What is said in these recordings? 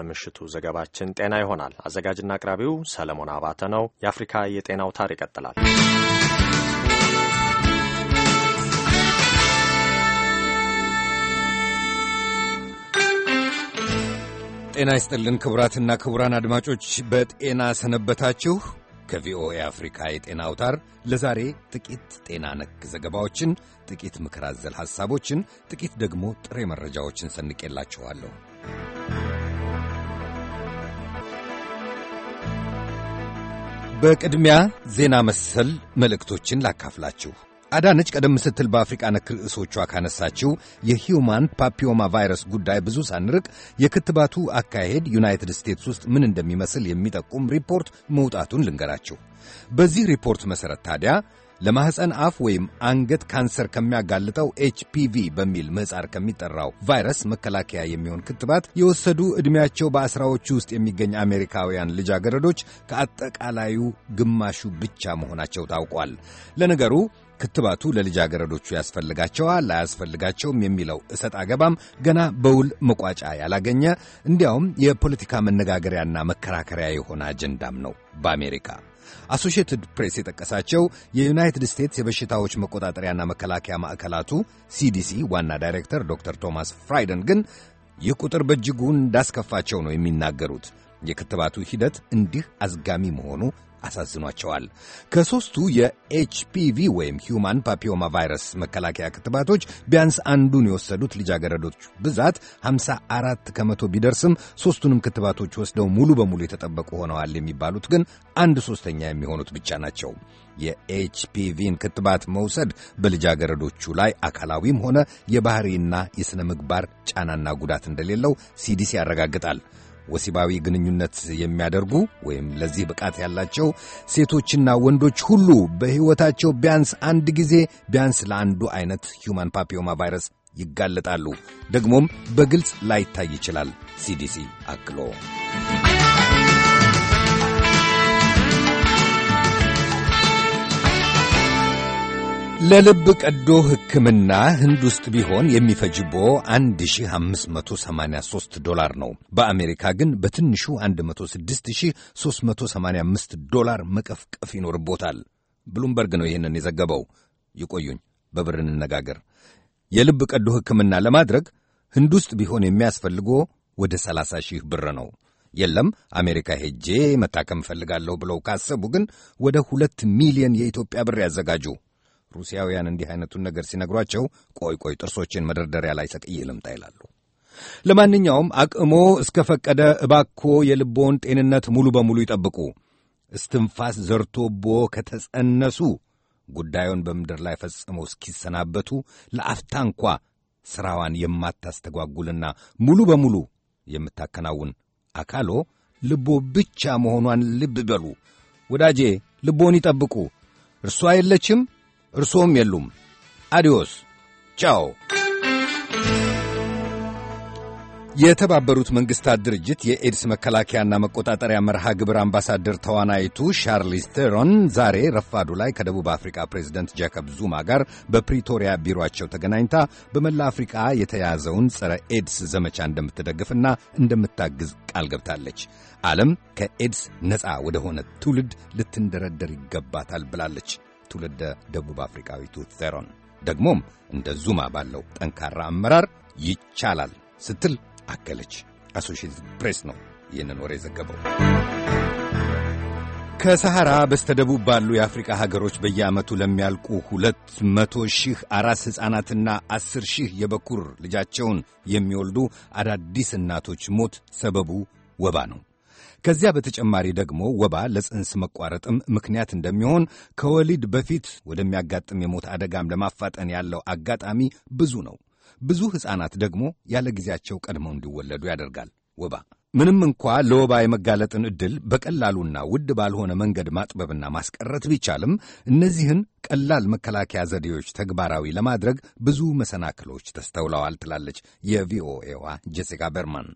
የምሽቱ ዘገባችን ጤና ይሆናል። አዘጋጅና አቅራቢው ሰለሞን አባተ ነው። የአፍሪካ የጤና አውታር ይቀጥላል። ጤና ይስጥልን ክቡራትና ክቡራን አድማጮች በጤና ሰነበታችሁ። ከቪኦኤ አፍሪካ የጤና አውታር ለዛሬ ጥቂት ጤና ነክ ዘገባዎችን፣ ጥቂት ምክር አዘል ሐሳቦችን፣ ጥቂት ደግሞ ጥሬ መረጃዎችን ሰንቄላችኋለሁ። በቅድሚያ ዜና መሰል መልእክቶችን ላካፍላችሁ። አዳነች ቀደም ስትል በአፍሪቃ ነክ ርዕሶቿ ካነሳችው የሂውማን ፓፒዮማ ቫይረስ ጉዳይ ብዙ ሳንርቅ የክትባቱ አካሄድ ዩናይትድ ስቴትስ ውስጥ ምን እንደሚመስል የሚጠቁም ሪፖርት መውጣቱን ልንገራችሁ። በዚህ ሪፖርት መሠረት ታዲያ ለማኅፀን አፍ ወይም አንገት ካንሰር ከሚያጋልጠው ኤችፒቪ በሚል ምህፃር ከሚጠራው ቫይረስ መከላከያ የሚሆን ክትባት የወሰዱ ዕድሜያቸው በአስራዎቹ ውስጥ የሚገኝ አሜሪካውያን ልጃገረዶች ከአጠቃላዩ ግማሹ ብቻ መሆናቸው ታውቋል። ለነገሩ ክትባቱ ለልጃገረዶቹ ያስፈልጋቸዋል አያስፈልጋቸውም የሚለው እሰጥ አገባም ገና በውል መቋጫ ያላገኘ እንዲያውም የፖለቲካ መነጋገሪያና መከራከሪያ የሆነ አጀንዳም ነው በአሜሪካ። አሶሽትድ ፕሬስ የጠቀሳቸው የዩናይትድ ስቴትስ የበሽታዎች መቆጣጠሪያና መከላከያ ማዕከላቱ ሲዲሲ ዋና ዳይሬክተር ዶክተር ቶማስ ፍራይደን ግን ይህ ቁጥር በእጅጉ እንዳስከፋቸው ነው የሚናገሩት። የክትባቱ ሂደት እንዲህ አዝጋሚ መሆኑ አሳዝኗቸዋል። ከሦስቱ የኤችፒቪ ወይም ሂውማን ፓፒዮማ ቫይረስ መከላከያ ክትባቶች ቢያንስ አንዱን የወሰዱት ልጃገረዶች ብዛት 54 ከመቶ ቢደርስም ሦስቱንም ክትባቶች ወስደው ሙሉ በሙሉ የተጠበቁ ሆነዋል የሚባሉት ግን አንድ ሦስተኛ የሚሆኑት ብቻ ናቸው። የኤችፒቪን ክትባት መውሰድ በልጃገረዶቹ ላይ አካላዊም ሆነ የባህሪና የሥነ ምግባር ጫናና ጉዳት እንደሌለው ሲዲሲ ያረጋግጣል። ወሲባዊ ግንኙነት የሚያደርጉ ወይም ለዚህ ብቃት ያላቸው ሴቶችና ወንዶች ሁሉ በሕይወታቸው ቢያንስ አንድ ጊዜ ቢያንስ ለአንዱ አይነት ሂውማን ፓፒዮማ ቫይረስ ይጋለጣሉ። ደግሞም በግልጽ ላይታይ ይችላል ሲዲሲ አክሎ ለልብ ቀዶ ሕክምና ህንድ ውስጥ ቢሆን የሚፈጅቦ 1583 ዶላር ነው። በአሜሪካ ግን በትንሹ 106385 ዶላር መቀፍቀፍ ይኖርቦታል። ብሉምበርግ ነው ይህንን የዘገበው። ይቆዩኝ፣ በብር እንነጋገር። የልብ ቀዶ ሕክምና ለማድረግ ህንድ ውስጥ ቢሆን የሚያስፈልጎ ወደ 30 ሺህ ብር ነው። የለም አሜሪካ ሄጄ መታከም እፈልጋለሁ ብለው ካሰቡ ግን ወደ ሁለት ሚሊዮን የኢትዮጵያ ብር ያዘጋጁ። ሩሲያውያን እንዲህ አይነቱን ነገር ሲነግሯቸው ቆይ ቆይ ጥርሶችን መደርደሪያ ላይ ሰቅዬ ልምጣ ይላሉ። ለማንኛውም አቅሞ እስከ ፈቀደ እባክዎ የልቦን ጤንነት ሙሉ በሙሉ ይጠብቁ። እስትንፋስ ዘርቶቦ ከተጸነሱ ጉዳዩን በምድር ላይ ፈጽመው እስኪሰናበቱ ለአፍታ እንኳ ሥራዋን የማታስተጓጉልና ሙሉ በሙሉ የምታከናውን አካሎ ልቦ ብቻ መሆኗን ልብ በሉ። ወዳጄ ልቦን ይጠብቁ። እርሷ የለችም፣ እርስዎም የሉም። አዲዮስ ቻው። የተባበሩት መንግሥታት ድርጅት የኤድስ መከላከያና መቆጣጠሪያ መርሃ ግብር አምባሳደር ተዋናይቱ ሻርሊስ ቴሮን ዛሬ ረፋዱ ላይ ከደቡብ አፍሪካ ፕሬዝደንት ጃከብ ዙማ ጋር በፕሪቶሪያ ቢሮአቸው ተገናኝታ በመላ አፍሪካ የተያዘውን ጸረ ኤድስ ዘመቻ እንደምትደግፍና እንደምታግዝ ቃል ገብታለች። ዓለም ከኤድስ ነፃ ወደሆነ ትውልድ ልትንደረደር ይገባታል ብላለች። ትውልደ ደቡብ አፍሪካዊቱ ቴሮን ደግሞም እንደ ዙማ ባለው ጠንካራ አመራር ይቻላል ስትል አከለች። አሶሺየትድ ፕሬስ ነው ይህንን ወሬ ዘገበው። ከሰሐራ በስተደቡብ ባሉ የአፍሪካ ሀገሮች በየዓመቱ ለሚያልቁ ሁለት መቶ ሺህ አራስ ሕፃናትና ዐሥር ሺህ የበኩር ልጃቸውን የሚወልዱ አዳዲስ እናቶች ሞት ሰበቡ ወባ ነው። ከዚያ በተጨማሪ ደግሞ ወባ ለጽንስ መቋረጥም ምክንያት እንደሚሆን ከወሊድ በፊት ወደሚያጋጥም የሞት አደጋም ለማፋጠን ያለው አጋጣሚ ብዙ ነው። ብዙ ሕፃናት ደግሞ ያለ ጊዜያቸው ቀድመው እንዲወለዱ ያደርጋል ወባ። ምንም እንኳ ለወባ የመጋለጥን ዕድል በቀላሉና ውድ ባልሆነ መንገድ ማጥበብና ማስቀረት ቢቻልም እነዚህን ቀላል መከላከያ ዘዴዎች ተግባራዊ ለማድረግ ብዙ መሰናክሎች ተስተውለዋል ትላለች የቪኦኤዋ ጄሲካ በርማን።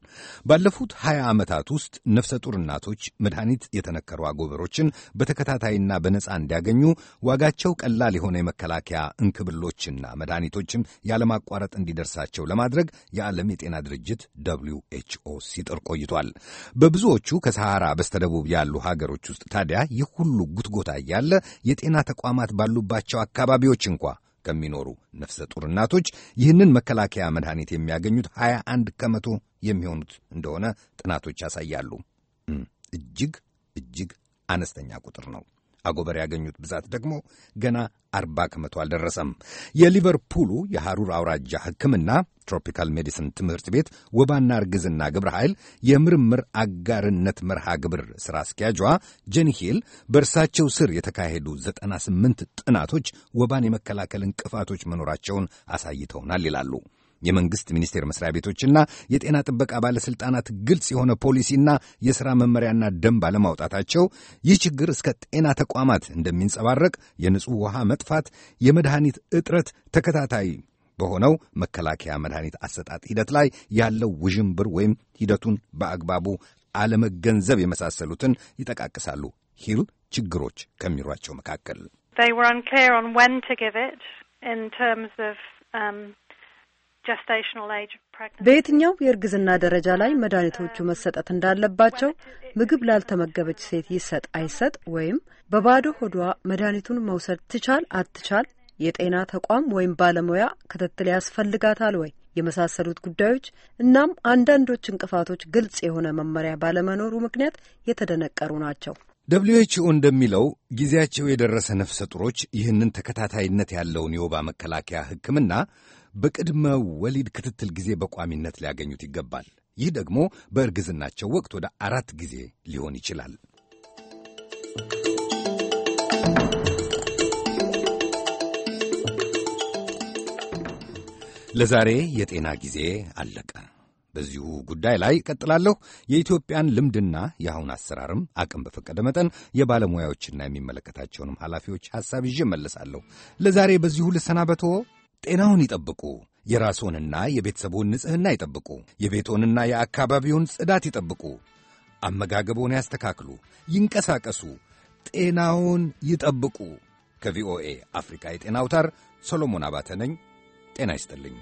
ባለፉት ሀያ ዓመታት ውስጥ ነፍሰ ጡር እናቶች መድኃኒት የተነከሩ አጎበሮችን በተከታታይና በነፃ እንዲያገኙ ዋጋቸው ቀላል የሆነ የመከላከያ እንክብሎችና መድኃኒቶችም ያለማቋረጥ እንዲደርሳቸው ለማድረግ የዓለም የጤና ድርጅት ደብሊው ኤች ኦ ሲጥር ቆይቷል። በብዙዎቹ ከሰሃራ በስተደቡብ ያሉ ሀገሮች ውስጥ ታዲያ ይህ ሁሉ ጉትጎታ እያለ የጤና ተቋማት ባሉ ባሉባቸው አካባቢዎች እንኳ ከሚኖሩ ነፍሰ ጡር እናቶች ይህንን መከላከያ መድኃኒት የሚያገኙት 21 ከመቶ የሚሆኑት እንደሆነ ጥናቶች ያሳያሉ። እጅግ እጅግ አነስተኛ ቁጥር ነው። አጎበር ያገኙት ብዛት ደግሞ ገና አርባ ከመቶ አልደረሰም። የሊቨርፑሉ የሐሩር አውራጃ ሕክምና ትሮፒካል ሜዲሲን ትምህርት ቤት ወባና እርግዝና ግብረ ኃይል የምርምር አጋርነት መርሃ ግብር ሥራ አስኪያጇ ጀንሂል ሂል በእርሳቸው ስር የተካሄዱ ዘጠና ስምንት ጥናቶች ወባን የመከላከል እንቅፋቶች መኖራቸውን አሳይተውናል ይላሉ። የመንግስት ሚኒስቴር መስሪያ ቤቶችና የጤና ጥበቃ ባለስልጣናት ግልጽ የሆነ ፖሊሲና የሥራ መመሪያና ደንብ አለማውጣታቸው ይህ ችግር እስከ ጤና ተቋማት እንደሚንጸባረቅ የንጹሕ ውሃ መጥፋት፣ የመድኃኒት እጥረት ተከታታይ በሆነው መከላከያ መድኃኒት አሰጣጥ ሂደት ላይ ያለው ውዥንብር ወይም ሂደቱን በአግባቡ አለመገንዘብ የመሳሰሉትን ይጠቃቅሳሉ። ሂል ችግሮች ከሚሯቸው መካከል በየትኛው የእርግዝና ደረጃ ላይ መድኃኒቶቹ መሰጠት እንዳለባቸው፣ ምግብ ላልተመገበች ሴት ይሰጥ አይሰጥ፣ ወይም በባዶ ሆዷ መድኃኒቱን መውሰድ ትቻል አትቻል፣ የጤና ተቋም ወይም ባለሙያ ክትትል ያስፈልጋታል ወይ የመሳሰሉት ጉዳዮች እናም አንዳንዶች እንቅፋቶች ግልጽ የሆነ መመሪያ ባለመኖሩ ምክንያት የተደነቀሩ ናቸው። ደብሊዩ እንደሚለው ጊዜያቸው የደረሰ ነፍሰ ጡሮች ይህንን ተከታታይነት ያለውን የወባ መከላከያ ሕክምና በቅድመ ወሊድ ክትትል ጊዜ በቋሚነት ሊያገኙት ይገባል። ይህ ደግሞ በእርግዝናቸው ወቅት ወደ አራት ጊዜ ሊሆን ይችላል። ለዛሬ የጤና ጊዜ አለቀ። በዚሁ ጉዳይ ላይ እቀጥላለሁ። የኢትዮጵያን ልምድና የአሁን አሰራርም አቅም በፈቀደ መጠን የባለሙያዎችና የሚመለከታቸውንም ኃላፊዎች ሐሳብ ይዤ መለሳለሁ። ለዛሬ በዚሁ ልሰናበቶ ጤናውን ይጠብቁ። የራስዎንና የቤተሰቡን ንጽሕና ይጠብቁ። የቤቶንና የአካባቢውን ጽዳት ይጠብቁ። አመጋገቦን ያስተካክሉ፣ ይንቀሳቀሱ፣ ጤናውን ይጠብቁ። ከቪኦኤ አፍሪካ የጤና አውታር ሰሎሞን አባተ ነኝ። ጤና ይስጥልኝ።